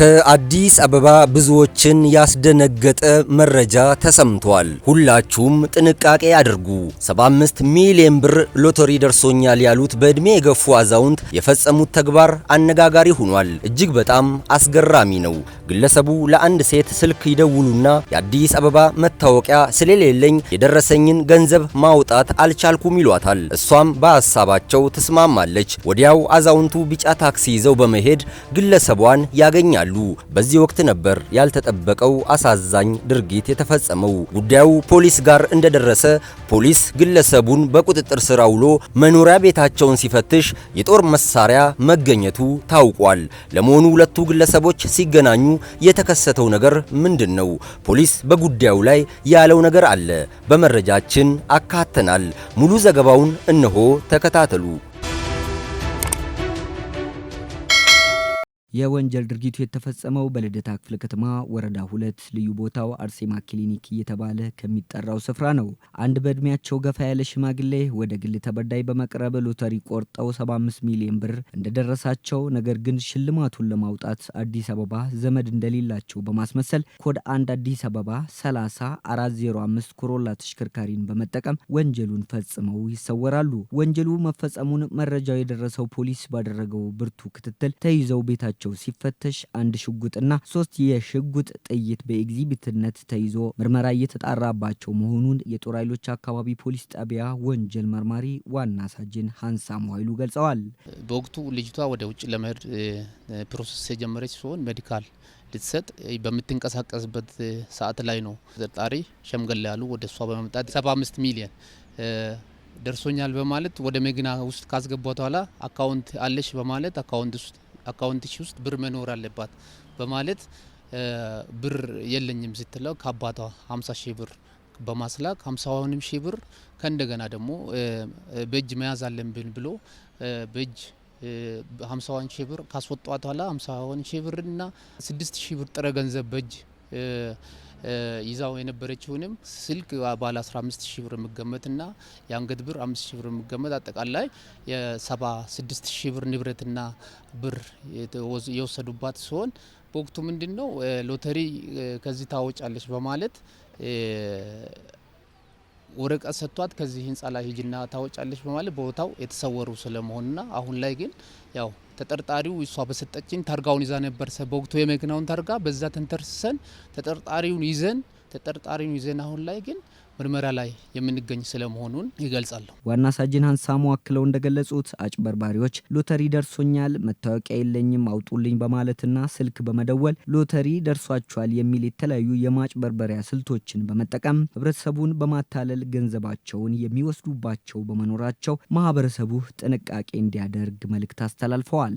ከአዲስ አበባ ብዙዎችን ያስደነገጠ መረጃ ተሰምቷል። ሁላችሁም ጥንቃቄ አድርጉ። 75 ሚሊዮን ብር ሎተሪ ደርሶኛል ያሉት በዕድሜ የገፉ አዛውንት የፈጸሙት ተግባር አነጋጋሪ ሆኗል። እጅግ በጣም አስገራሚ ነው። ግለሰቡ ለአንድ ሴት ስልክ ይደውሉና የአዲስ አበባ መታወቂያ ስለሌለኝ የደረሰኝን ገንዘብ ማውጣት አልቻልኩም ይሏታል። እሷም በሀሳባቸው ትስማማለች። ወዲያው አዛውንቱ ቢጫ ታክሲ ይዘው በመሄድ ግለሰቧን ያገኛል!። ይገኛሉ። በዚህ ወቅት ነበር ያልተጠበቀው አሳዛኝ ድርጊት የተፈጸመው። ጉዳዩ ፖሊስ ጋር እንደደረሰ ፖሊስ ግለሰቡን በቁጥጥር ስር አውሎ መኖሪያ ቤታቸውን ሲፈትሽ የጦር መሳሪያ መገኘቱ ታውቋል። ለመሆኑ ሁለቱ ግለሰቦች ሲገናኙ የተከሰተው ነገር ምንድን ነው? ፖሊስ በጉዳዩ ላይ ያለው ነገር አለ፣ በመረጃችን አካተናል። ሙሉ ዘገባውን እነሆ ተከታተሉ። የወንጀል ድርጊቱ የተፈጸመው በልደታ ክፍለ ከተማ ወረዳ ሁለት ልዩ ቦታው አርሴማ ክሊኒክ እየተባለ ከሚጠራው ስፍራ ነው። አንድ በእድሜያቸው ገፋ ያለ ሽማግሌ ወደ ግል ተበዳይ በመቅረብ ሎተሪ ቆርጠው 75 ሚሊዮን ብር እንደደረሳቸው፣ ነገር ግን ሽልማቱን ለማውጣት አዲስ አበባ ዘመድ እንደሌላቸው በማስመሰል ኮድ አንድ አዲስ አበባ 30 405 ኮሮላ ተሽከርካሪን በመጠቀም ወንጀሉን ፈጽመው ይሰወራሉ። ወንጀሉ መፈጸሙን መረጃው የደረሰው ፖሊስ ባደረገው ብርቱ ክትትል ተይዘው ቤታቸው ቤታቸው ሲፈተሽ አንድ ሽጉጥና ሶስት የሽጉጥ ጥይት በኤግዚቢትነት ተይዞ ምርመራ እየተጣራባቸው መሆኑን የጦር ኃይሎች አካባቢ ፖሊስ ጣቢያ ወንጀል መርማሪ ዋና ሳጅን ሀንሳ ኃይሉ ገልጸዋል። በወቅቱ ልጅቷ ወደ ውጭ ለመሄድ ፕሮሰስ የጀመረች ሲሆን ሜዲካል ልትሰጥ በምትንቀሳቀስበት ሰዓት ላይ ነው ተጠርጣሪ ሸምገል ያሉ ወደ እሷ በመምጣት 75 ሚሊየን ደርሶኛል በማለት ወደ መኪና ውስጥ ካስገቧት በኋላ አካውንት አለሽ በማለት አካውንት ውስጥ አካውንትሽ ውስጥ ብር መኖር አለባት በማለት ብር የለኝም ስትለው ከአባቷ 50 ሺህ ብር በማስላክ 50 ሺህ ብር ከእንደገና ደግሞ በእጅ መያዝ አለብን ብሎ በእጅ 50 ሺህ ብር ካስወጧት ኋላ 50 ሺህ ብር ብርና 6 ሺህ ብር ጥረ ገንዘብ በእጅ ይዛው የነበረችውንም ስልክ ባለ 15 ሺህ ብር የሚገመትና የአንገት ብር 5 ሺህ ብር የሚገመት አጠቃላይ የ76 ሺህ ብር ንብረትና ብር የወሰዱባት ሲሆን በወቅቱ ምንድን ነው ሎተሪ ከዚህ ታወጫለች በማለት ወረቀት ሰጥቷት ከዚህ ህንጻ ላይ ሂጅና ታወጫለች በማለት በቦታው የተሰወሩ ስለመሆኑና አሁን ላይ ግን ያው ተጠርጣሪው እሷ በሰጠችኝ ታርጋውን ይዛ ነበር በወቅቱ የመኪናውን ታርጋ በዛ ተንተርሰን ተጠርጣሪውን ይዘን ተጠርጣሪን ይዘን አሁን ላይ ግን ምርመራ ላይ የምንገኝ ስለመሆኑን ይገልጻሉ። ዋና ሳጅን ሀንሳሙ አክለው እንደገለጹት አጭበርባሪዎች ሎተሪ ደርሶኛል፣ መታወቂያ የለኝም አውጡልኝ በማለትና ስልክ በመደወል ሎተሪ ደርሷቸዋል የሚል የተለያዩ የማጭበርበሪያ ስልቶችን በመጠቀም ህብረተሰቡን በማታለል ገንዘባቸውን የሚወስዱባቸው በመኖራቸው ማህበረሰቡ ጥንቃቄ እንዲያደርግ መልእክት አስተላልፈዋል።